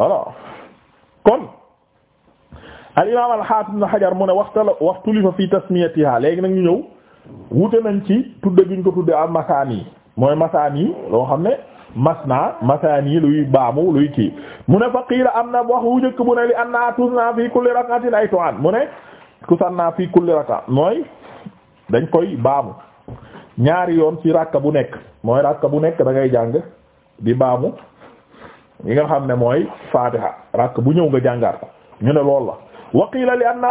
alors kon al imaam al haafid ibn Hajar mu ne waxtala waxtulifa fi tasmiyatiha léegi nag ñu ñëw wute nañ ci tudde gi ñu ko tudde al masaani mooy masaani loo xam ne masna masaani luy baamu luy kii mu ne fa qiila am na wax wu njëkk bu ne li anna tusanna fi kulli rak'atin ay tu'an mu ne tusanna fi kulli rak'a mooy dañ koy baamu ñaari yoon ci rakka bu nekk mooy rakka bu nekk dangay jàng di baamu yi nga xam ne mooy fatiha rakk bu ñëw nga jàngaat ko ñu ne lool la waqiila li anna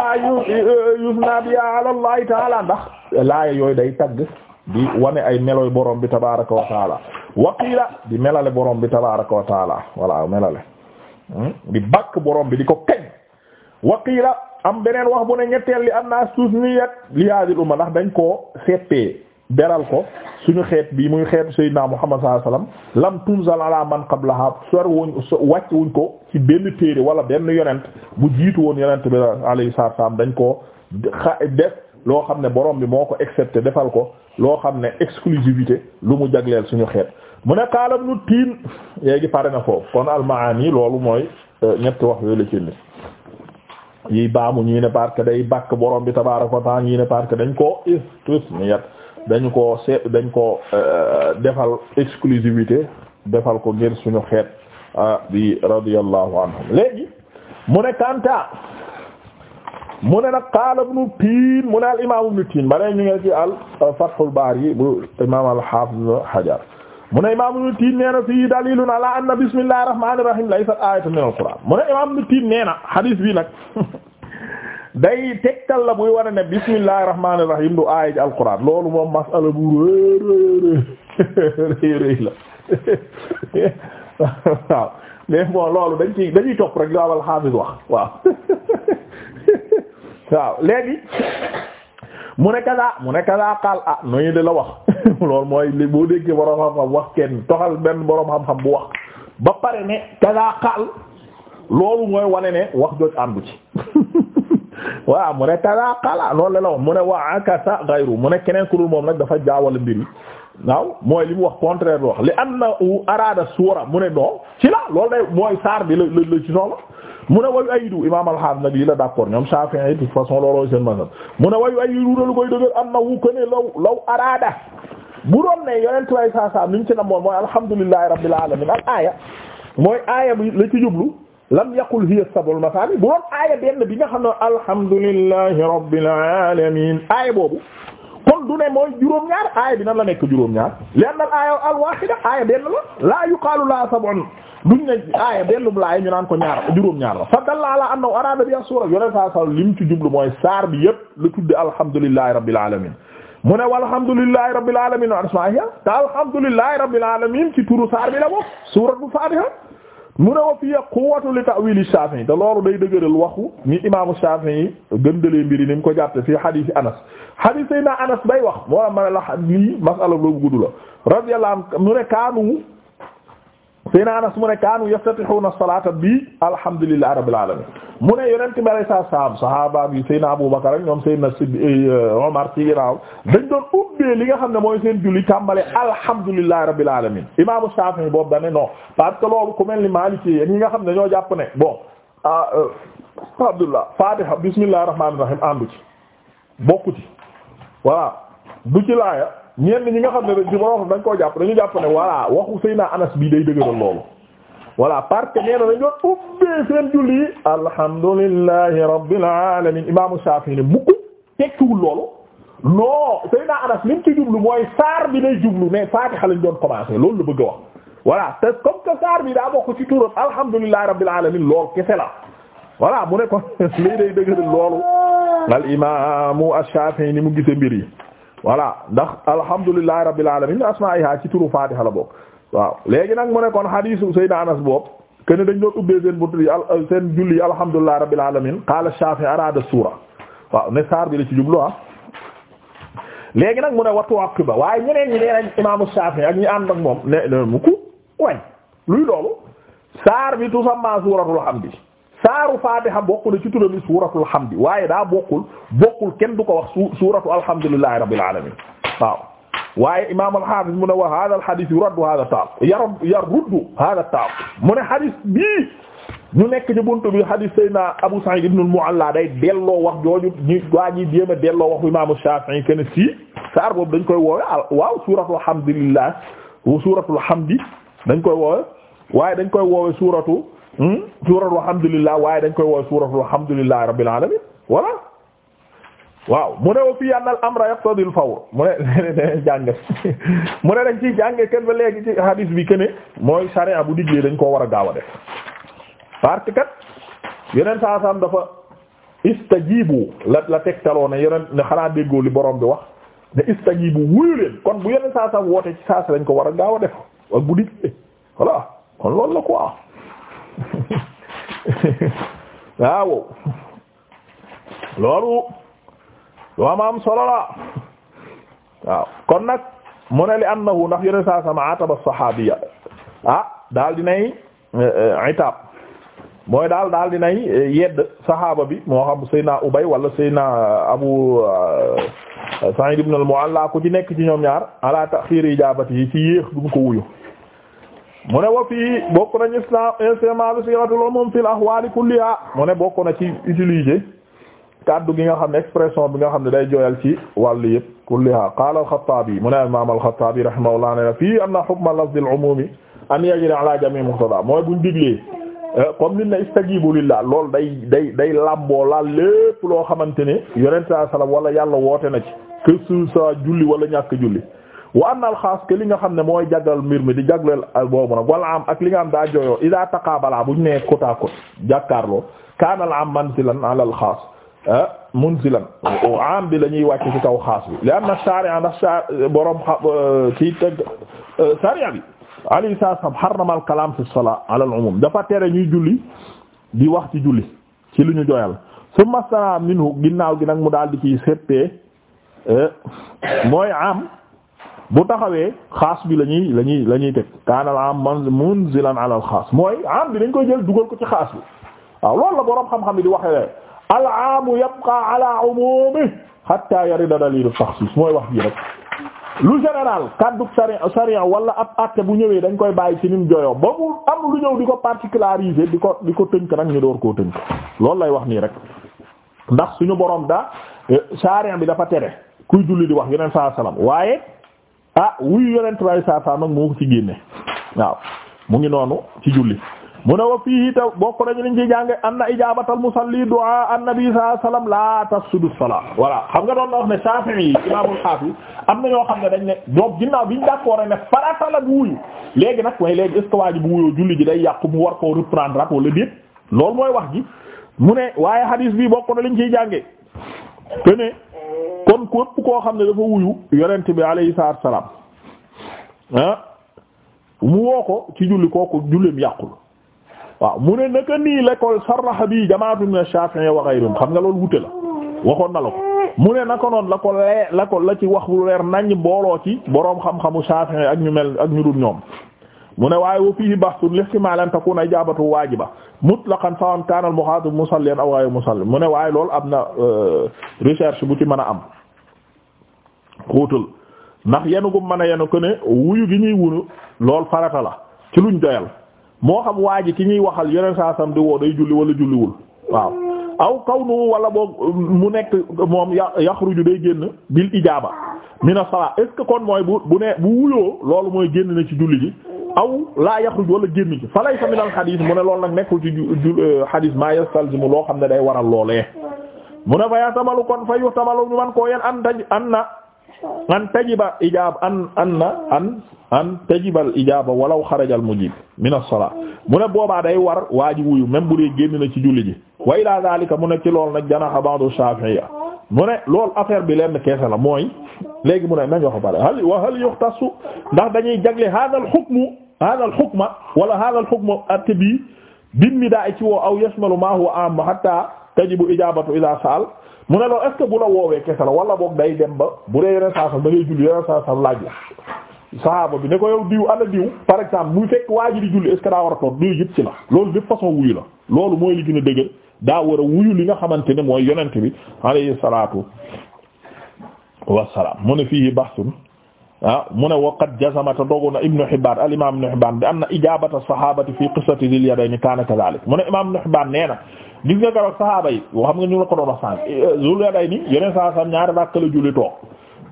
yusna biha ala allahi taala ndax laaya yooyu day tagg di wane ay melooy borom bi tabaraka wa taala di melale borom bi tabaraka wa taala wala melale hmm? di bakk borom bi di ko kañ waqiila am beneen wax bu ne ñetteel li anna tusniyat li hadhihi umma ndax dañ koo seppee beral ko suñu xeet bi muy xeetu Seydina Muhammad sallallahu alayhi wasallam lam tunzal ala man qablaha sor wuñ wàcc wuñ ko ci benn téere wala benn yonent bu jiitu woon yonent bi alayhi salaam dañ ko xa def loo xam ne borom bi moo ko excepté defal ko loo xam ne exclusivité lu mu jagleel suñu xeet mu ne xaalam nu tiin léegi pare na foofu kon almaani loolu mooy euh, ñetti wax yooyu la ci ni yi baamu ñii ne parce que day bàkk borom bi tabaaraka ko ta'aala ñii ne parce que dañ koo istisniyat dañu ko seet dañ ko euh, defal exclusivité defal ko ngir suñu xeet ah, bi radiyallahu anhum léegi mu ne kanta mu ne nag qaala ibnu tiin mu ne al imam ibnu tiin bare ñu ngi ci al euh, fathul baari bu imam al hafiz hajar mu ne imam ibnu tiin nee na fii dalilun ala anna bismillahir rahmanir rahim laysa ayatan min al qur'an mu ne imam ibnu tiin nee na hadith bi nag day tegtal la buy wane ne bismillahir rahmanir rahim du aay ji alquran loolu moom masala bu la waaw mais loolu dañ ci dañuy topp rek la al wax waaw léegi mu ne kaza mu ne kaza xaal ah noñu de la wax loolu mooy li boo déggee boroom xam-xam wax kenn toxal benn boroom xam-xam bu wax ba pare ne kaza xaal loolu mooy wane ne wax jooj àndu ci waaw mu ne kala kala loolu la la wax mu ne wa sa ghayru mu ne keneen ku dul moom nag dafa jaawal mbiri waaw mooy li mu wax contraire bi wax li am araada suura mu ne non ci la loolu day mooy saar bi la la ci mu ne wayu ayidu imam al-Hafiz nag la d'accord ñoom Shafi'i de toute façon looloo seen masal mu ne wayu ayidu dalu koy dëgër annahu kaana law law araada bu doon ne yonent way saa saa li ñu ci na moon mooy alhamdulillahi rabbil alamin al aaya mooy aaya la ci jublu lam yaqul hiya sab'ul masaani bu doon aaya benn bi nga xam ne alhamdulillahi rabbil alamin aaya boobu kon du ne mooy juróom-ñaar aaya bi nan la nekk juróom-ñaar lenn aaya al-waahida aaya benn la laa yuqaalu laa sab'un duñ ne aaya benn bu laay ñu naan ko ñaar juróom-ñaar la fa dalla ala annahu araada bi as-suura yoneen saa sal lim ci jublu mooy saar bi yépp lu tudde alhamdulillahi rabbil alamin mu ne walhamdulillahi rabbil alamin asma'iha ta alhamdulillahi rabbil alamin ci turu saar bi la bokk suuratul faatiha mu ne wa fi quwwatu li ta'wil Shafi'i te loolu day dëgëral waxu ni imaamu Shafi'i gëndalee mbiri ni mu ko jàppe fii hadith Anas hadith naa Anas bay wax moo la ma ne la lii masala loolu gudd la radiyallahu anhu mu ne kaanu Seydina Anas mu ne kaanu yaftatihuna salata bi alhamdulillahi rabbil alamin mu ne yonent bi alayhi salaam bi Seydina Abu Bakar ak ñoom Seydina eh, eh, Omar ci ginaaw dañ doon ubbee li nga xam ne mooy seen julli tàmbale alhamdulillahi rabbil alamin imaamu Shafi'i boobu dane non parce que loolu ku mel ni Maliki nga xam ne dañoo jàpp ne bon a ah, euh, Abdullah Fatiha bismillahir rahim àndu ci bokku ci voilà du laaya ñenn ñi nga xam ne dañ ci borom dañ koo jàpp dañu jàpp ne voilà waxu Seyna Anas bii day dëgëral loolu voilà parce que nee na dañ doon ubbee seen julli yi alhamdulillahi rabbil alamin imaamu Shafi'i ne mukk tekkiwul loolu non Seyna Anas li mu jublu mooy saar bi day jublu mais Faatiha lañ doon commencer loolu la bëgg a wax voilà te comme que saar bi daa bokk ci turam alhamdulillahi rabbil alamin loolu kese la voilà mu ne kon lii day dëgëral loolu al imaamu Shafi'i ni mu gisee mbir yi voilà ndax alhamdulillahi rabbil alamin asma'iha ci turu fatiha la bokk waaw léegi nag mu ne kon hadisu sayyidina anas boobu kenn dañ doon ubbee seen buntu yi euh, seen julli yi alhamdulillahi rabbil alamin qala shafi arada suura waaw ne saar bi la ci jublu ah léegi nag mu ne wattu aqiba waaye ñeneen ñi nee nañ imaamu Shafi ak ñi ànd ak moom ne mu ku wañ luy loolu saar bi tusamma suuratul hamdi saaru fatiha bokk na ci turam suuratul hamdi waaye daa bokkul kenn du ko wax su suuratu alhamdulillahi rabbil alamin waaw waaye imam al mu ne wa hadha al-hadith yuraddu hadha ta'ab yaruddu hadha mu ne hadith bii ñu nekk ci buntu bi hadith sayna Abu Sa'id ibn al-Mu'alla day delloo wax jooju ñu waa a delloo wax imam Shafi'i kenn si saar boobu dañ koy woowe waaw suuratul dañ koy woowe waaye dañ koy woowe suuratu Hmm? suuratul alhamdulillah waaye dañ koy woowe suuratul alhamdulillahi rabbil alamin voilà waaw mu ne wa fii anna al amra yaqtadi al fawr mu ne dañ jànge mu ne dañ ciy jànge kenn ba léegi ci hadis bi kene mooy sariya bu diglee dañ koo war a gaaw a def parce que kat yeneen saa saam dafa istajibu la la tegtaloo ne yeneen ne xanaa déggoo li borom bi wax ne istajibu wuyu leen kon bu yeneen saa saam woote ci saasa lañ ko war a gaaw a def ak bu diglee voilà kon loolu la quoi waaw loolu lu am am solo waaw kon nag mu ne li annahu ndax yone saa sama ataba sahabiya ah daal dinay eh, eh, itab mooy daal daal dinay eh, yedd sahaaba bi moo xam Seydina Ubay wala Seydina Abu Sa'id ibn al-Mu'alla ku ci nekk ci ñoom ñaar ala taxiir ijabati yi ci yéex bu ko wuyu mu ne wa fii bokk nañu istimaal bi siixatul umum fil ahwaali kulliha mu ne bokk na ci utiliser kaddu gi nga xam ne expression bi nga xam ne day jooyal ci wàll yëpp kulliha qaala al-Xattaabi mu ne imaam al-Xattaabi rahimahullah ne fii anna hukma lafzi al-umumi an yajri ala jami' muqtada mooy buñ diglee euh, comme nit ne istajibu lillah day day day làmboo laal lépp loo xamante ne yonent sallallahu wala yàlla woote na ci que ce julli wala ñàkk julli wa anna al li nga xam ne mooy jaglal mbir mi di jagleel boobu nag wala am ak li nga xam daa jooyoo ida taqaabala bu ñu nee côte à côte kaana al manzilan ala al xaas ah bi la ñuy wàcc ci kaw xaas bi li anna shari'a ndax borom xa kii euh, teg euh, shari'a bi alayhi salaam harrama al kalaam fi salaa ala al umum dafa tere ñuy julli di wax ci julli ci lu ñu jooyal summa minhu ginnaaw gi nag mu daal di ciy seetee euh, mooy am. bu taxawee xaas bi la ñuy la ñuy la ñuy teg kaanal am munzilan ala al xaas mooy am bi dañ koy jël dugal ko ci xaas bi waaw loolu la boroom xam-xam yi di waxee al aamu yabqa ala umumi hatta yarida dalilu taxsis mooy wax ji rek lu général kaddu sariya sariya wala ab acte bu ñëwee dañ koy bàyyi ci nim joyoo ba am lu ñëw di ko particulariser di ko di ko tënk nag ñu door koo tënk loolu lay wax nii rek ndax suñu boroom daa euh, sariya bi dafa tere kuy julli di wax yeneen saa waaye ah wuyu yonent baay saa saa moo ko ci génne waaw mu ngi noonu ci julli mu ne wa fii ta bokk nañu liñ ci jànge anna ijaabatal musalli du'a annabi sallallahu alayhi laa la tafsudu salaa voilà xam nga doon na wax ne Shafi'i yi imaamul xaafi am na ñoo xam ne dañ ne donc ginnaaw biñ d'accord ne farata la bu wuyu léegi nag waaye léegi est-ce que waa ji bu wuyoo julli ji day yàqu mu war koo reprendre at wala loolu mooy wax gi mu ne waaye hadis bi bokk na liñ ciy jànge kon ko koo xam ne dafa wuyu yonent bi alayhi salaatu wa salaam ah, mu woo ko ci julli kooku julleem yàqul waaw mu ne naka nii lekkool sarraha bi jamaatu min ash-Shafi'i wa ghayrihim xam nga loolu wute la waxoon na la ko mu ne naka noonu la ko lee la ko la ci wax lu leer nañ booloo ci boroom xam-xamu Shafi'i ak ñu mel ak ñu dul ñoom mu ne waaye wa fiihi bahthun li ihtimaal an takuna ijaabatu waajiba mutlaqan sawa'an kaana al-muxaatab musalliyan aw ghayra musalli mu ne waaye loolu am na euh, recherche bu ci mën a am xóotal ndax yenu gu mën a yenu ko ne wuyu gi ñuy wunu lool farata la ci luñ doyal moo xam waa ji ki ñuy waxal yeneen saa sam di woo day julli wala julliwul waaw aw kaw nu wala boog mu nekk moom yaxruju day génn bil ijaaba mina salaa est ce que kon mooy bu bu ne bu wuyoo loolu mooy génn na ci julli ji aw laa yaxruju wala génn ci fa laysa min al xadiis mu ne loolu nag nekkul ci euh, xadiis maa yastalzimu loo xam ne day waral loolee mu ne fa yahtamalu kon an tajiba ijaab an an na an an tajibal ijaaba walaw xarajal mujib min as-salaa mu ne boobaa day war waa ji wuyu même bu dee génn na ci julli ji wa ila zalika mu ne ci lool nag janaha ba'du shafi'iyya mu ne loolu affaire bi lenn keese la mooy léegi mu ne nañ wax bare hal wa hal yuxtasu ndax dañuy jagle hada al hukmu hada al hukma wala hada al hukmu atte bi bimmi daa ci woo aw yashmalu ma huwa am hatta tajibu ijabatu ila sa'al mu ne loolu est-ce que bu la woowee kese wala boog day dem ba bu dee yeneen saa sam da ngay julli yeneen saa sam laaj la bi ne ko yow diw ana diw par exemple muy fekk waa ji di julli est-ce que daa war loolu de façon wuyu la loolu mooy li gën a wuyu li nga xamante ne mooy yonent bi alayhi salaatu wassalaam mu ne fii bahsun ah mu ne waqad jazamata dogu na Ibn Hibbaan al imaam Ibn Hibbaan bi am na ijaabata sahabati fi qissati Zil Yadayni kaana kadhaalik mu ne imaam gis nga garab saxaaba yi xam nga ñu la ko doon wax sànq eh, Zul Yadayni yeneen saa salaam ñaari rakk la julli toog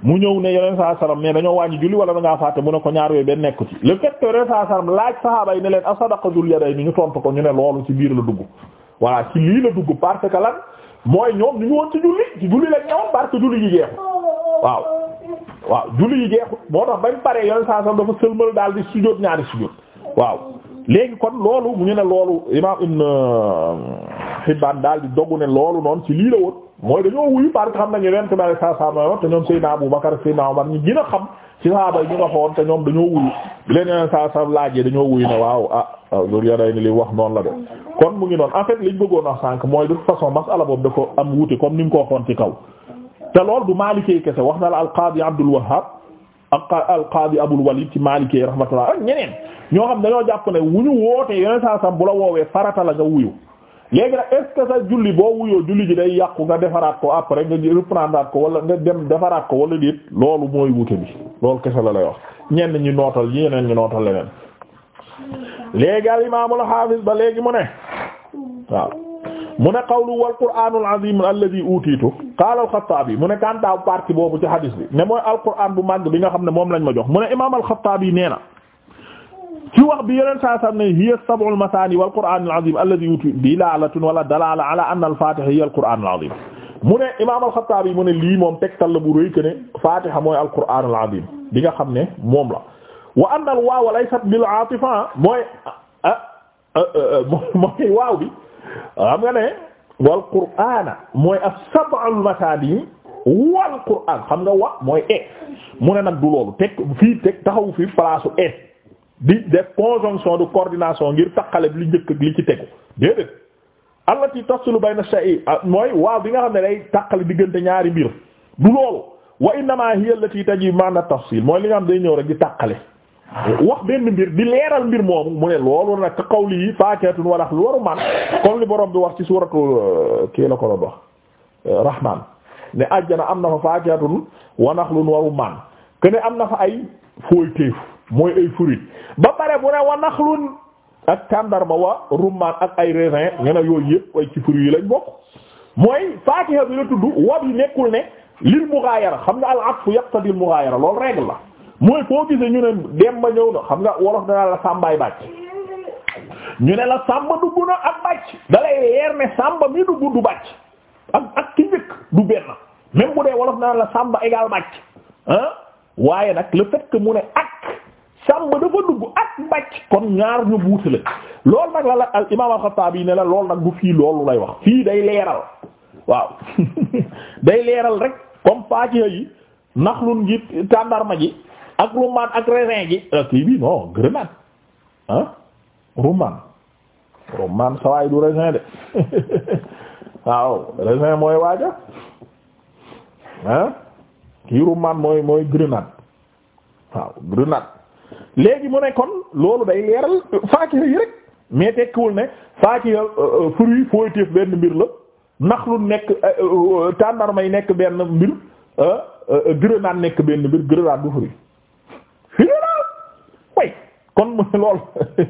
mu ñëw ne yeneen saa salaam mais dañoo wàññi julli wala da ngaa fàtte mu ne ko ñaar yooyu benn nekku ci le fait que yeneen saa salaam laaj saxaaba yi ne leen asadaqa Zul Yadayni ñu tontu ko ñu ne loolu ci biir la dugg voilà ci lii la dugg parce que lan mooy ñoom ñu ngi woon ci julli ci julli lañ ñëwoon parce que julli yi jeexul waaw waaw julli yi jeexul moo tax bañ paree yeneen saa salaam dafa sëlmal daal di sujjóot ñaari sujjóot waaw léegi kon loolu mu ñu ne loolu imam ibn Hibbaan daal di dogu ne loolu noonu ci lii la woon mooy dañoo wuyu parce que xam nañu ren tubaab yi saa saa ma yor te ñoom Seydina Abu Bakar Seydina Umar ñu gën a xam ci saaba yi ñu nga xoon te ñoom dañoo wuyu leneen saa saa laajee dañoo wuyu ne waaw ah, ah loolu yore ni li wax noonu la de kon mu ngi noonu en fait liñ a sànq mooy de façon masala boobu dafa am wuute comme ni mu ko waxoon ci kaw. te loolu du Maalikee kese wax na la alqaadi Abdul Wahhab ak alqaadi Abul Walid ci Maalikee rahmatullah ak ñeneen ñoo xam dañoo jàpp ne wuñu woote yeneen saa saa bu la woowee farata la nga wuyu léegi nag est-ce que sa julli boo wuyoo julli ji day yàqu nga defaraat ko après nga reprendre ko wala nga dem defaraat ko wala déet loolu mooy wute bi loolu kese la lay wax ñenn ñi nootal yeneen ñi nootal leneen léegi al imaamul hafiz ba léegi mu ne waaw mu ne qawlu wal qur'aanul aziim alladhi utiitu qaala al-Xattaabi mu ne kantaaw partie boobu ci hadis bi ne mooy al qur'aan bu màgg bi nga xam ne moom lañ ma jox mu ne imaam al yi nee na ci wax bi yeneen saa sam ne hiya sab'ul masaani wal qur'aanil aziim alladhii yuti dilaalatun wala dalaala ala anna al-faatiha hiya al-qur'aanul aziim mu ne imaam al-Xattaabi mu ne lii moom tegtal la bu rëy que ne faatiha mooy al-qur'aanul aziim bi nga xam ne moom la wa anna al-waawa laysat bil aatifa mooy ah, ah, ah, mooy waaw bi xam nga ne wal qur'aana mooy as-sab'ul masaani wal qur'aan xam nga wa mooy e mu ne nag du loolu teg fii teg taxaw fii place e di def conjonction de coordination ngir bi li njëkk ak li ci tegu déedéet allati tafsilu bayna shay'i ah, mooy waaw bi nga xam ne day taqale diggante ñaari mbir du loolu wa innama hiya allati tajib ma'na tafsil mooy li nga xam day ñëw rek di taqale wax benn mbir di leeral mbir moomu mu ne loolu nag qawli yi faakihatun wa nakhlu waru man comme li bi wax ci suratu euh, kii la ko doon wax euh, rahman ne àjjana am na wa nakhlun waru am na fa ay fooy mooy ay fruits ba pare mu ne wa naxlun ak tàndarma wa rummaan ak ay raisin ñu ne yooyu yëpp ay ci fruits yi lañ bokk mooy faakiha bi la tudd wa bi nekkul ne lil mughaayara xam nga al atfu yaqtadi al mughaayara loolu règle la mooy foo gisee ñu ne dem ba ñëw na xam nga wolof danaa la sàmbaay bàcc ñu ne la sàmba dugg na ak bàcc dalay leer ne sàmba mi dugg du bàcc ak ak ki njëkk du benn même bu dee wolof danaa la sàmba égal bàcc ah waaye nag le fait sàmba dafa dugg ak mbàcc kon ñaar ñu buuta la loolu nag la la al imam al-Xattaabi ne la lool nag du fii loolu lay wax fii day leeral waaw day leeral rek comme faakiha yi naxlun gi tàndarma ji ak rumman ak raisin gi euh, kii bi non grenade ah rumman rumman sawaay du raisin de waaw raisin mooy waaja ah kii rumman mooy mooy grenade waaw grenade léegi mu ne kon loolu day leeral faakira yi rek mais tekkiwul ne faakira euh, euh, fruit fooyteef benn mbir la ndax lu nekk euh, tàndarma nekk benn mbir grenade nekk benn mbir grenade du fruit fii kon mu ne loolu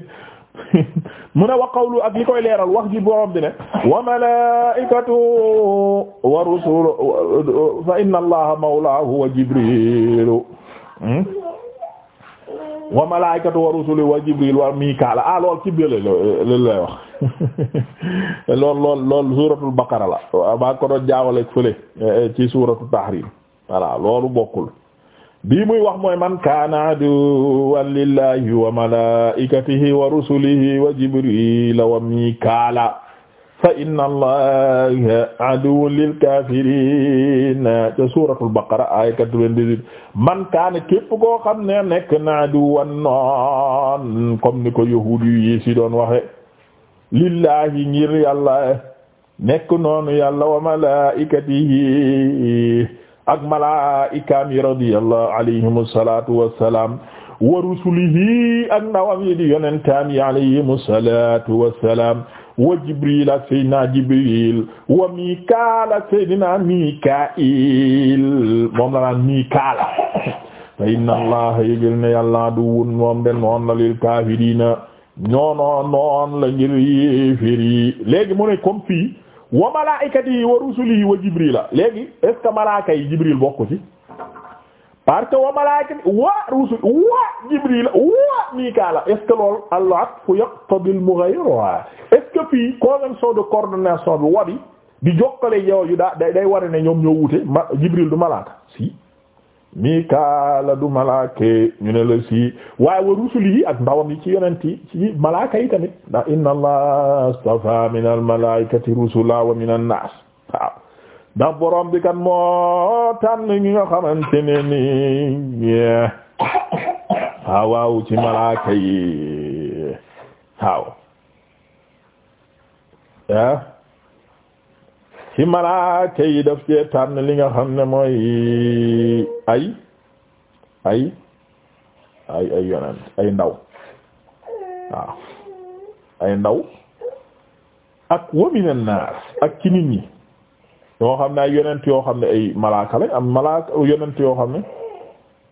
mu ne wa qawlu ak li koy leeral wax ji borom di ne wa malaikatu wa fa inna allaha mawlaahu wa jibrilu hmm? wa malaikatu wa rusuli wa jibril wa mikaala ah lool ci biir loolu lay wax lool lool lool suuratul baqara la ba ko doon jaawale fële eh, ci suuratul tahrim voilà loolu bokkul bii muy wax mooy man kaana aduwwan lillahi wa malaikatihi wa rusulihi wa jibril wa mikaala fa inna allaha aduwwun lil kaafiriin ca suuratul baqara aaya 98 man kaana képp koo xam ne nekk na aduwwan noon comme ni ko yahuud yi si doon waxe lillahi ngir yàlla nekk noonu yàlla wa malaa'ikatihi ak malaa'ikaam yi radiyallahu alayhimu salaatu wassalaam wa rusulihi ak ndawam yi di yonentaam yi alayhimu salaatu wassalaam wa jibril ak seydina jibril wa mikaal ak naa mikail moom la naan mikaala fa inna allaha yëgal ne yàlla du wun moom de noon la lil kaafiriina noon la ngir yéeféer yi léegi mu ne wa malaikati yi wa rusuli wa jibrila léegi est ce que malaaka yi jibril bokku parce que wa malaaka wa rusul wa jibril wa mikaala est al-atfu yaqtadi al-mughayra est-ce que fii convention de coordination bi wabi di jokkale yow yu daa day ware ne ñoom ño wute ma jibril du malaaka si mikaala du malaaka ñu ne la si waaye wa rusul ak ndawam yi ci yonent yi ci malaaka yi tamit ndax inna allaha astafa min al rusula wa min an ndax borom bi kan moo tànn ñi nga xamante ne waaw ci malaaka yi waaw ah ci malaaka yi daf ci tànn li nga xam ne mooy ay ay ay ay yonent ay ndaw waaw ay ndaw ak wa ak ci nit ñi yoo xam ne ay yonent yoo xam ne ay malaaka am malaaka yonent yoo xam ne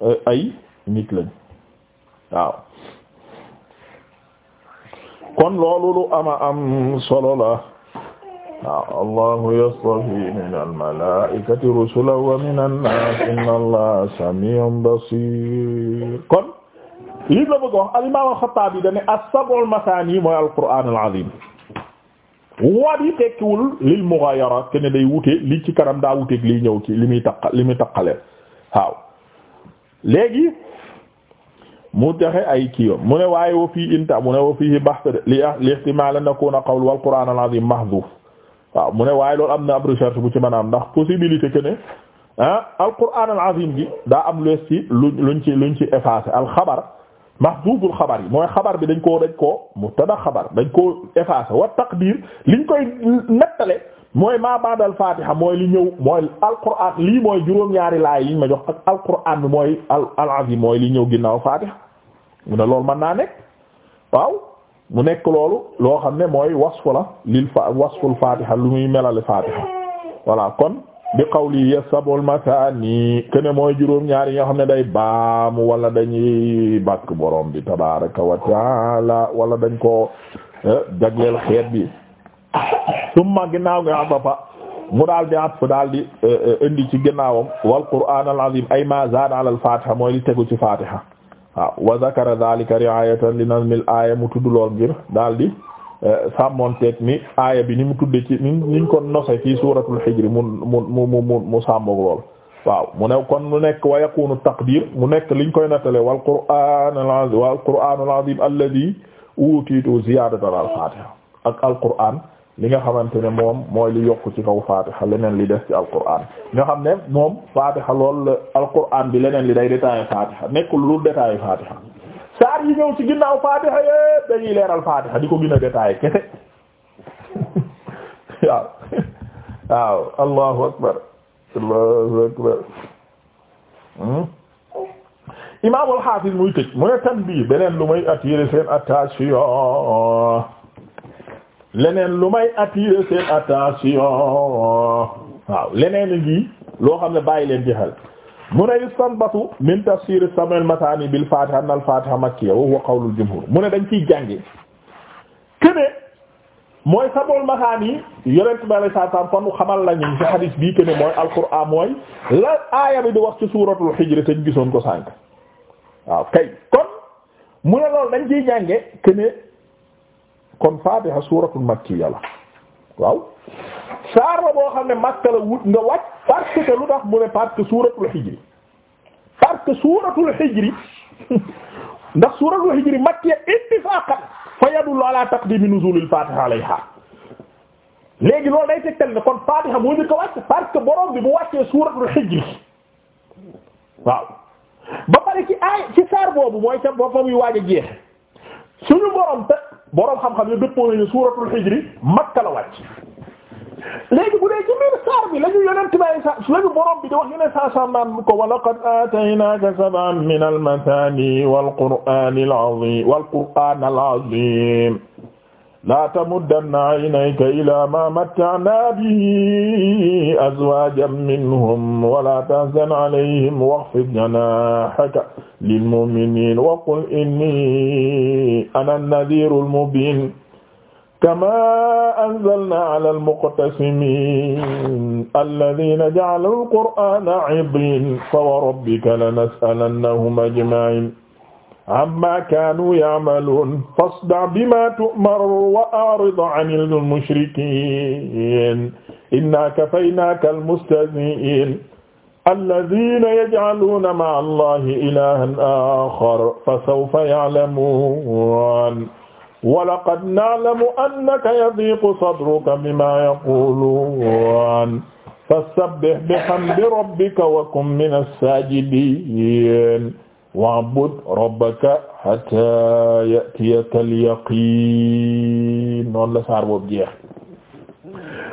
eh, ay nit lañ waaw kon loolu lu ama am solo la waaw yastafi min almalaikati rusula wa min annas inna allah samiun basir kon lii la bëgg wax al imam al-Xattaabi dane as-sab'ul masaani al-Qur'aan al waat yi tekkiwul lil mughayara kene day wute li ci karam daa wuteeg liy ñëw ci li muy taq li muy taqalee waaw léegi mu texe ay kiiwam mu ne waaye wa fii inta mu ne wa fii bahth li ah, li ihtimal an nakuna qawl wal qur'an al azim mahdhuf waaw mu ne waaye loolu am na ab bu ci mën a am ndax possibilité que ne ah al qur'an gi daa am lees ci luñ luñ ci lu ci effacé al xabar mahduuful xabar yi mooy xabar bi dañ koo dañ koo mubtada xabar dañ koo effacé wa taqdiir liñ koy nettale mooy ma ba'dal fatiha mooy li ñëw mooy alquran lii mooy juróom-ñaari laay yi ma jox ak alquran bi mooy al azim mooy li ñëw ginnaaw fatiha mu ne loolu mën naa nekk waaw mu nekk loolu loo xam ne mooy wasfu la lil fa wasful fatiha lu muy melale fatiha voilà kon. bi qawli ya sabul masaani kene mooy juróom ñaar yi nga xam ne day baamu wala dañuy bàkk borom bi tabaraka wa wala dañ ko eh, jagleel xeet bi summa ginnaaw nga afafa mu daal di àpp daal di eh, eh, indi ci ginnaawam wal qur'aan al ay ma zaada ala fatiha mooy li tegu ci fatiha waaw wa zakara mu tudd lool daal di sàmmonteeg ni aaya bi ni mu tudde ci ni niñ ko nose ci suuratul Hijr mu mu mu mu mu sàmmoog lool waaw mu ne kon mu nekk wa yakunu taqdir mu nekk liñ koy nattale wal qur'aan al-aziim wal qur'aan al-aziim alladhi utiitu ziyaadata al al-qur'aan li nga xamante ne moom mooy li yokk ci kaw faatiha leneen li des ci al-qur'aan nga xam ne moom faatiha lool al-qur'aan bi leneen li day détaillé faatiha nekkul lu détaillé faatiha saar yi ñëw ci ginnaaw faatiha yépp dañuy leeral faatiha di ko gën a détaillé kese waaw allahu akbar allahu akbar hmm? imaamul hafiz muy tëj mu ne tanbi beneen lu may attirer seen attention leneen lu may attirer seen attention waaw leneen ngi loo xam ne bàyyi leen di xel mu ne istanbatu min tafsir Samuel Matani bil Fatiha anna al Fatiha makkiya wa huwa qawlul jumhur mu ne dañ ciy jànge kene mooy Samuel Matani yonent bi alayhi salaam kon xamal la ñu ci bii kene mooy alquran mooy la aaya bi di wax ci suuratul Hijr te ñu gisoon ko sànq waaw kay kon mu ne loolu dañ ciy jànge kene kon Fatiha suuratul makkiya la waaw saar la boo xam ne Makka la wut nga wàcc parce que lu tax mu ne parce que suuratul Hijr parce que suuratul Hijr ndax suuratul Hijr makkiya ittifaqan fa yadullu ala taqdimi nuzulil Fatiha alayha léegi loolu day tegtal ne kon Fatiha moo ñu ko wàcc parce que borom bi bu wàccee suuratul Hijr waaw ba pare ci aay ci saar boobu mooy ca ba muy waaj a jeex suñu borom te borom xam-xam yi dëppoo nañu suuratul Hijr Makka la wàcc. léegi bu dee ci biir saar bi la ñu yonent bi sa la ñu borom bi di wax yeneen saa saa naan ko wa laqad aataynaaka sab'an min al-masaani wal qur'aani al-aziim wal qur'aan al-aziim laa tamuddanna aynayka ilaa maa matta'naa bihi azwaajan minhum wa laa tahzan alayhim waxfid janaahaka lil mu'miniin wa qul innii ana an-nadiirul mubiin kamaa anzalnaa alal muqtasimiin allaziina ja'alul qur'aana iziin fa wa rabbika lanas'alannahum ajma'iin ammaa kaanuu ya'maluun fasda' bimaa tu'mar wa a'rid 'anil mushrikiin innaa kafaynaakal mustahzi'iin allaziina yaj'aluuna ma'a allaahi ilaahan aaxar fasawfa ya'lamuun wa laqad na'lamu annaka yadiqu sadruka bima yaqulun fasabbih bihamdi rabbika wa kun min as-sajidin wa'bud rabbaka hatta ya'tiyaka al-yaqin noonu la saar boobu jeex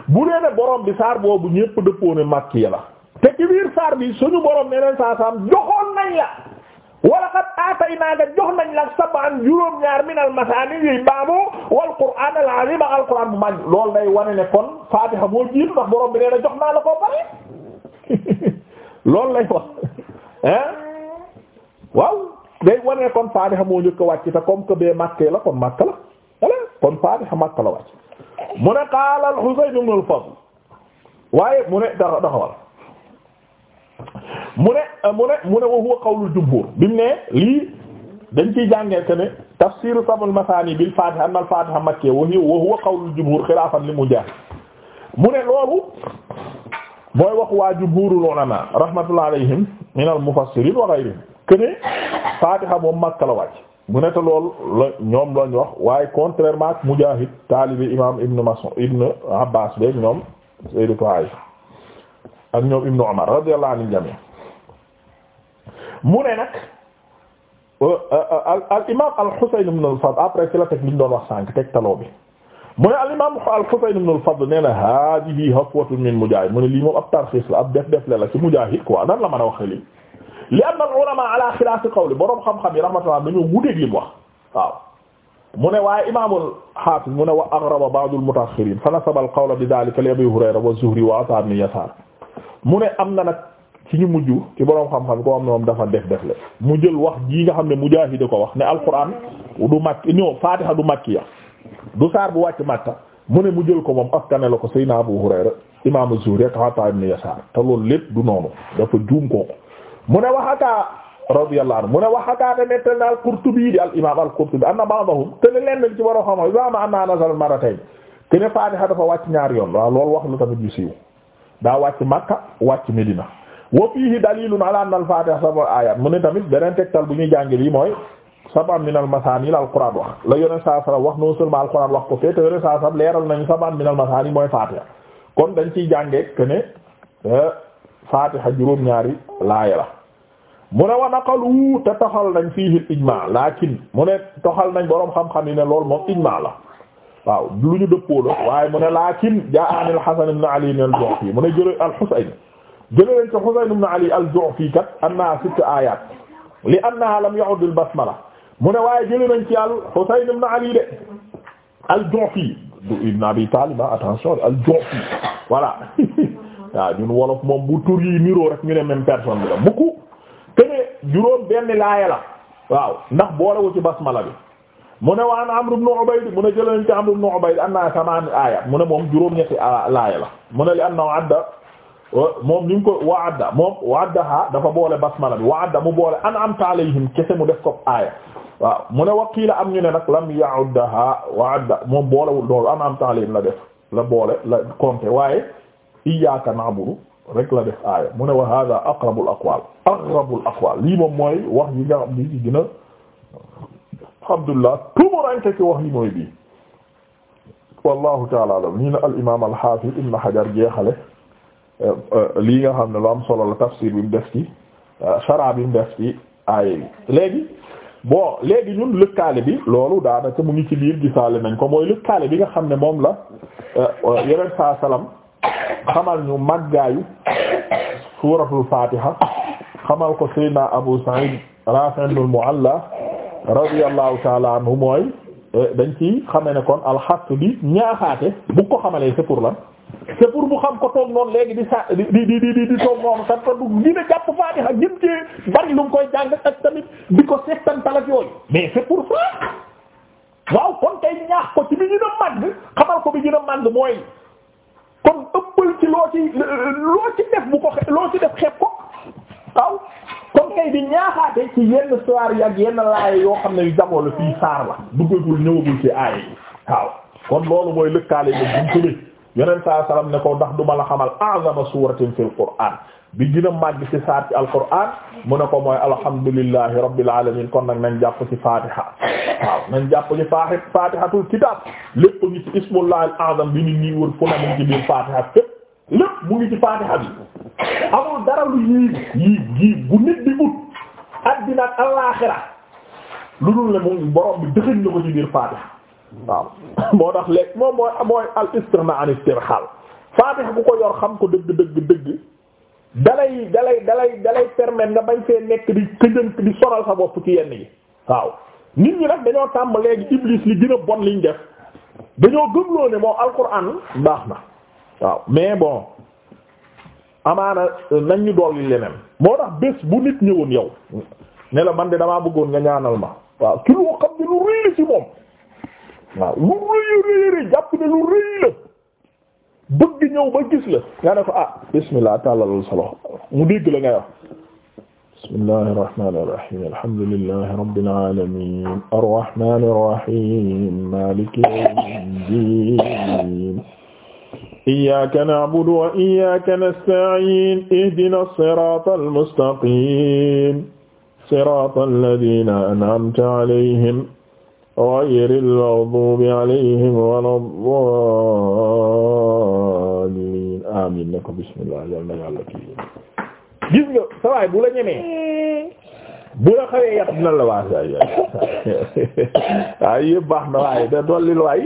bu dee ne borom bi saar boobu ñépp dëppoo ne Makki la te ci biir saar bi suñu borom ne leen saa saam joxoon nañ la wala qad aataynaaka jox nañ la sab'an juróom-ñaar min al-masaani yuy baamu wal qur'aan al-aziim al-qur'aan bu mag loolu day wane ne kon Faatiha moo jiitu ndax borom bi nee jox naa la koo pare loolu day wane ne kon Faatiha moo njëkk a wàcc te comme que bee Makka la kon Makka la kon Faatiha Makka la mu ne qaala al-Husayn ibn al waaye mu ne dafa dafa mu ne mu ne mu ne wa qawlul jumhur bi lii dañ ciy jàngee que ne tafsir sabul masani bil fatiha anna al fatiha makki wa qawlul jumhur xilaafan li mujahid mu ne loolu mooy wax waa jumhurul ulama rahmatullah alayhim min al mufassirin wa ghayrihim que ne fatiha moom Makka la wàcc mu ne te loolu la ñoom lañ wax waaye contrairement ak mujahid taalibi imam ibnu Mas'ud ibnu Abbas beeg ak ñoom ibnu Umar radiyallahu anil jami' mu ne nag euh, euh, euh, al imam al Husayn ibn al Fadl après ci la teg li ñu doon wax sànq teg taloo bi mu ne al imam al Husayn ibn al Fadl nee na hadihi hafwatun min Mujaahid mu ne lii moom ab tarxiis la ab def def la ci Mujaahid quoi nan la mën a waxe lii li anna al ulama ala xilaafi qawli boroom xam-xam yi rahmatullah dañoo wuteeg li mu wax waaw mu ne waaye imaamul hafiz mu ne wa aghraba ba'du al mutaaxiriin fa nasaba al qawla bi daalika li Abi Hurayra wa Zuhri wa Ataa ibn Yasaar mu ne am na nag ci ñu mujj ci boroom xam-xam ko am ne moom dafa def def la mu jël wax jii nga xam ne Mujaahid ko wax ne alquran du makki ñoo Faatiha du makki ya du saar bu wàcc Makka mu ne mu jël ko moom askane la ko Seydina Abu Hurayra imaamu Zuhri ak Ataa ibn Yasaar te loolu lépp du noonu dafa juum kooku mu ne waxataa radiyallahu anhu mu ne waxataa te nettali na al-Qurtubi di al-imaam al-Qurtubi anna ba'dahum te ne lenn ci waroo xam ne ma anna nazal marratayn te ne Faatiha dafa wàcc ñaar yoon waaw loolu wax lu tamit yu siiw daa wàcc Makka wàcc Medina wa fiihi dalilun ala anna al-fatiha sab'a ayat mu ne tamit beneen tegtal bu ñuy jàngi lii mooy sab'a min al-masani la al-quran wax la yoneen saa sala wax non seulement al-quran wax ko fee te yoneen saa sala leeral nañu sab'a min al-masani mooy fatiha kon dañ ciy jàngee que ne euh, fatiha juróom-ñaari laaya la mu ne wa naqalu te toxal nañ fiihi al-ijma lakin mu ne toxal nañ boroom xam-xam yi ne loolu moom ijma la waaw lu ñu dëppoo la waaye mu ne lakin jaa an al-hasan ibn ali min al-ju'fi mu jëlee leen ci Husayn ibn Ali al-Ju'fi kat annaha sitt ayat li annaha lam ya'ud al-basmala mu ne waaye jëlee nañ ci yàlla Ali de al-Ju'fi du ibn Abi Talib attention al-Ju'fi voilà waaw ñun wolof moom bu tur yi niroo rek ñu ne même personne bi la mukk te ne juróom benn laaya la waaw ndax boolewu ci basmala bi mu ne waan Amr ibn Ubayd mu ne jëlee nañ ci Amr ibn Ubayd annaha samaan aaya mu ne moom juróom-ñetti laaya la mu ne li annahu adda moom ni mu ko waadda moom waaddaha dafa boole basmala bi waadda mu boole an'amta alayhim kese mu def ko aaya waaw mu ne waqiila am ñu ne nag lam yauddaha waadda moom boolewul loolu an'amta alayhim la def la boole la compter waaye iyyaka na'budu rek la def aaya mu ne wa hada aqrabul aqwal aqrabul aqwal lii moom mooy wax yi nga xam bi gën a alhamdulillah tumuranke ci wax yi mooy bii wallahu ta'ala alam ñii na al imam al hafiz ibn hajar jeexale lii nga xam ne lu am solo la tafsir bi mu def ci euh, shara bi mu def ci aaye léegi bon léegi ñun lëkkaale bi loolu daanaka mu ngi ci biir gisaale nañ ko mooy lëkkaale bi nga xam ne moom la yeneen saa salaam xamal ñu màggaayu suuratul faatiha xamal ko Seydina Abu Sa'id Rafi' ibn al-Mu'alla radiyallahu mooy euh, dañ ci xame kon alxas bi ñaaxaate bu ko xamalee c'est pour lan c'est pour mu xam ko toog noonu léegi di sa di di di di toog noonu sax du dina jàpp Faatiha ak jëm ci bari lu mu koy jàng ak tamit di ko settantal ak yooyu mais c'est pour ça waaw kon tey ñaax ko ci bi gën a ko bi gën a màgg mooy kon ci loo ci loo ci ko loo ci def xeeb ko waaw kon kay di ñaaxaate ci yenn soir yi ak yenn laay yoo xam ne yu jagoo la fii saar la duggagul ñëwagul ci aay yi waaw kon loolu mooy lëkkaale ba buñ yeneen saa salaam ne ko ndax duma la xamal a'zama suuratin fil qur'aan bi gën a màgg ci saar ci alqur'aan mu ne ko mooy alhamdulillahi rabbil alamin kon nag nañ jàpp ci fatiha waaw nañ jàpp ci fati fatihatul kitab lépp ngi ci ismullahi al-a'zam bi nit ñi wër fu mu ci ngi ci fatiha bi amul dara lu yiib yiib yiib nit di ut addina ak alaaxira lu dul ne mu ngi borom bi ko ci biir fatiha waaw moo tax lekk moom mooy mooy al istirna an istirhal faatiha bu ko yor xam ko dëgg dëgg dëgg dalay dalay dalay dalay permettre nga bañ fee nekk di këjënk di soral sa bopp ci yenn yi waaw nit ñi nag dañoo tàmm léegi iblis li gën a bon liñ def dañoo gëmloo ne moom alquran baax na waaw mais bon amaana euh, nañ ñu dolli leneen moo tax bés bu nit ñëwun yow ne la man de damaa bëggoon nga ñaanal ma waaw ci loo xam ne lu rëy ci moom waaw lu rëy rëy jàpp ne lu rëy la bëgg ñëw ba gis la nga ne ko ah bismillah tàllalul sa loxo mu dégg la ngay wax bismillahir rahmanir rahim alhamdulillahi rabbil alamin arrahmanir rahim maliki yawmiddin iyyaka na'budu wa iyyaka nasta'in ihdinas siratal mustaqim siratal ladina an'amta alayhim غير المغضوب عليهم ولا الضالين amiin ne ko bismillah yal yàlla kii gis nga sawaay bu la ñemee bu la xawee yàq dina la waa saa yàlla waaye yëpp baax na waaye da dollil waay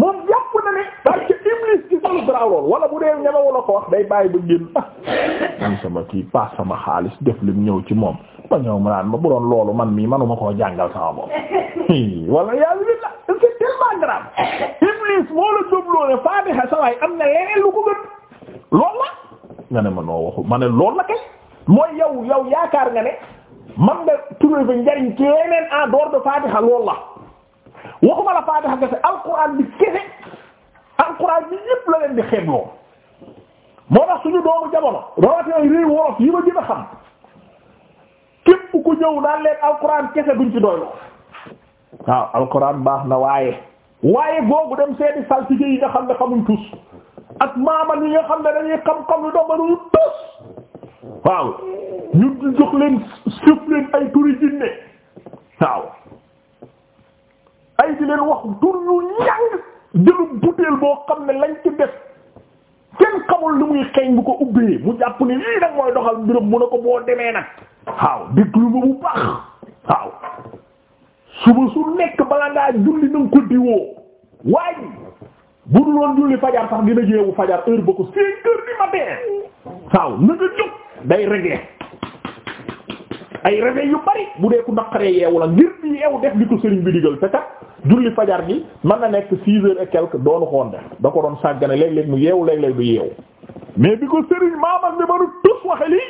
moom jàpp na ne parce que iblis solu lool wala bu dee ñemewul la ko wax day bàyyi ba ah, sama kii paas sama xaalis def lim ñëw ci moom ba ñëw ma naan ma bu doon loolu man mii manuma koo jàngal sama bopp wala yàlla bi la c'est tellement grave moo lu ko la nga ne ma noo waxu ma ne lool la kay mooy yow yow yaakaar nga ne man nga trouver fa njariñ ci yeneen en faatiha lool la waxuma la faatiha kese alquran bi kese alquran bi yépp la leen di xeebloo moo tax suñu doomu jamono rawatina réew wolof yi ma gën a xam képp ku ñëw daal leen alquran kese duñ ci doyoo waaw alquran baax na waaye waaye googu dem seeti saltige yi nga xam ne xamuñ tus ak maaman yi nga xam ne dañuy xam-xam lu domanuñu tus waaw ñu jox leen sëf leen ay turi jinne waaw ay di leen wax ñu ñàng jëlu butéel boo xam ne lañ ci def kenn xamul lu muy xeeñ bu ko ubbee mu jàpp ni lii nag mooy doxal mbiram mu ne ko boo demee nag waaw déglu ma bu baax waaw suba su nekk bala ngaa julli na ko diwoo waaye bu dul woon julli fajar sax dina jeewu fajar heure ba ko cinq heures du matin waaw na nga jóg day régler ay réveil yu bari bu dee ku naqaree yeewu la ngir di yeewu def li ko sëriñ bi digal te kat julli fajar gi mën na nekk six heures et quelque doonu xoon def da ko doon sàggane léeg-léeg mu yeewu léeg-léeg du yeewu mais bi ko sëriñ maamal bi baru tus waxe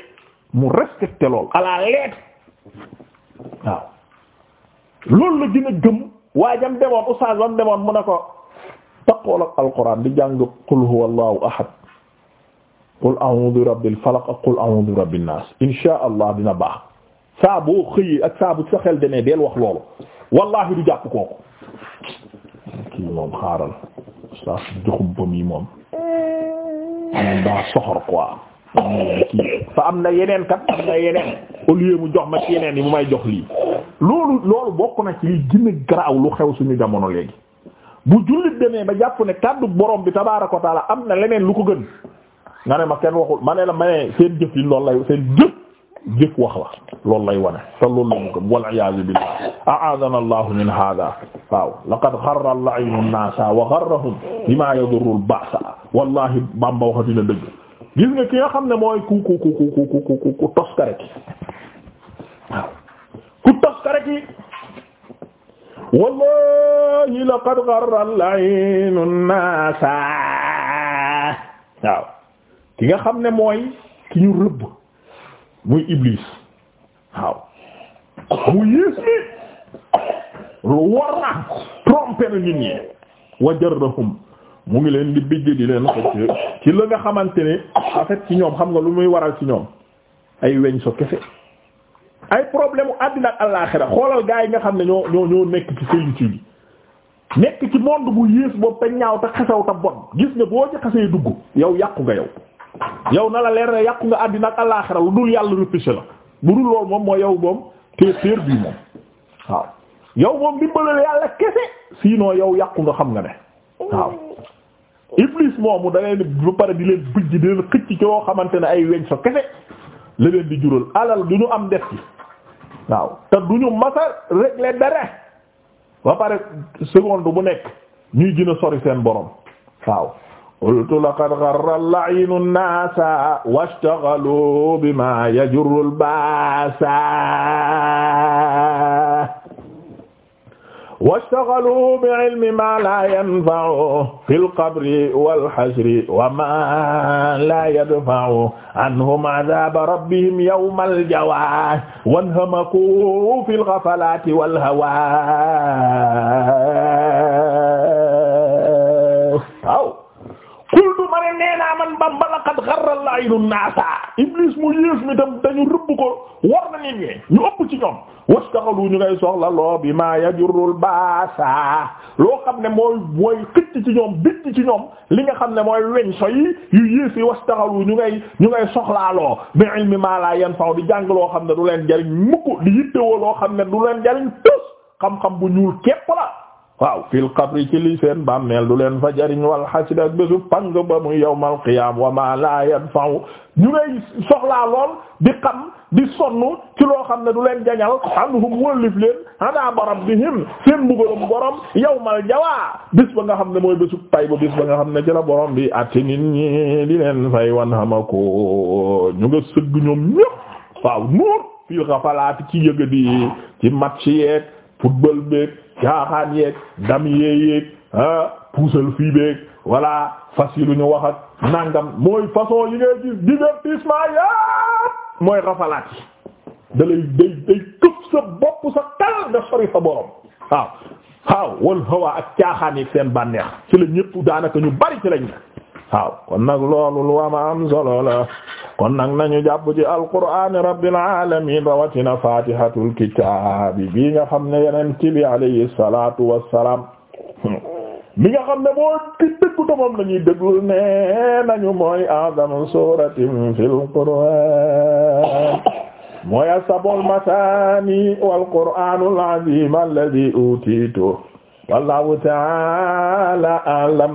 mu respecté lool à la waaw loolu la gën a gëm waaye demoon oustaz bam demoon mu ne ko taqool ak alquran di jàng qul huwa allahu ahad qul a'udhu rabbil falaq ak qul a'udhu rabbin nas insha allah dina baax saa boo xëyee ak saa bu sa xel demee deel wax loolu wallahi du jàpp kii moom xaaral saa joxum ba mii moom moom daa soxor quoi fa am na yeneen kat am na yeneen au lieu mu jox ma ci yeneen yi mu may jox lii loolu loolu bokk na ci li gën a lu xew suñu jamono léegi bu jullit demee ba jàpp ne kàddu borom bi tabaaraka wa am na leneen lu ko gën nga ne ma kenn waxul ma ne la ma ne seen jëf yi loolu lay seen jëf jëf wax la loolu lay wane te loolu lañ ko wal iyaazu min hada waaw laqad xarra al-aynu wa xarrahum bima yadurru al wallahi bamba waxati na dëgg gis nga ki nga xam ne mooy ku ku ku ku ku ku ku wallahi laqad xarra al xam ne mooy ki ñu muy iblis waaw mu yées mi war na tromper na nit ñi wa jarrahum mu ngi leen di bijj di leen xëcc ci la nga xamante ne en fait ci ñoom xam nga lu muy waral ci ñoom ay weñ so kese ay problème u àddina ak àllaaxira xoolal gaa yi nga xam ne ñoo ñoo ñoo nekk ci solitude yi nekk ci monde bu yées boobu te ñaaw te xesaw te bon gis nga boo ci xasee dugg yow yàqu nga yow yow na la leer ne yàqu nga àddina ak àllaaxira lu dul yàlla repoussé la bu dul loolu moom mooy yow moom te teer bi moom waaw yow moom dimbalal yàlla kese sinon yow yàqu nga xam nga ne waaw iblis moomu da leen pare di leen bijj di leen xëcc ci xamante ne ay weñ so kese la di jural alal du ñu am def ci waaw te du ñu masa régler dara ba pare seconde bu nekk ñuy gën a sori seen boroom waaw qultu laqad gharra al-la'inu an-naasa washtaghalu bima yajurru al-baasa washtaghalu bi-'ilmi ma la yanfa'u fil qabri wal hasri wa ma la yadfa'u anhum 'adhaba rabbihim yawmal jawaa wanhamaku fil ghafalati wal hawaa man Bamba laqad gharra al-la'ilu an-nasa mu yées mi tam dañu rëbb ko war na nit ñi ñu ëpp ci ñoom wastaxalu ñu ngay soxla bi ma yajurul baasa loo xam ne mooy mooy xëcc ci ñoom bitt ci ñoom li nga xam ne mooy weñ so yi yu yées yi wastaxalu ñu ngay ñu ngay soxlaaloo bi ilmi ma la yanfa'u di jàng loo xam ne du leen jariñ mukk di yittewoo loo xam ne du leen jariñ tus xam-xam bu ñuul képp la waaw fil qabri ci li seen bàmmeel du leen fa jariñ wal xasid ak bésu pang ba muy yawmal qiyaam wa ma la yanfa'u ñu ngay soxlaa lool di xam di sonn ci loo xam ne du leen jañal anhum wëllif leen adaaba rabbihim seen mbugalum borom yawmal jawaa bis ba nga xam ne mooy bésu pay ba bis ba nga xam ne ci la borom bi atti nit ñi di leen fay wan xama ko ñu nga sëgg ñoom ñëpp waaw noon fil xafalaati ci yëga di ci match yeek football beek caaxaan yeeg dam yee yeeg puusal fii beeg voilà fas yi lu ñu wax mooy façon yi ngay gis divertissement yëpp mooy rafalaat yi da day day këf sa bopp sa tal nga sori sa borom waaw waaw wal hawa ak caaxaan yeeg seen bànneex ci la ñëpp daanaka ñu bari ci lañ. waaw kon nag loolu lu ama am solo la kon nag nañu jàpp ci alquraan rabbil alamin rawatina fatihatul kitaabi bi nga xam ne yonent bi alayhi salatu wassalam bi nga xam ne moo ci dëggu tamam lañuy dëggul ne nañu mooy a'zamu suratin fil qur'an mooy asabul wal qur'anul azim a'lam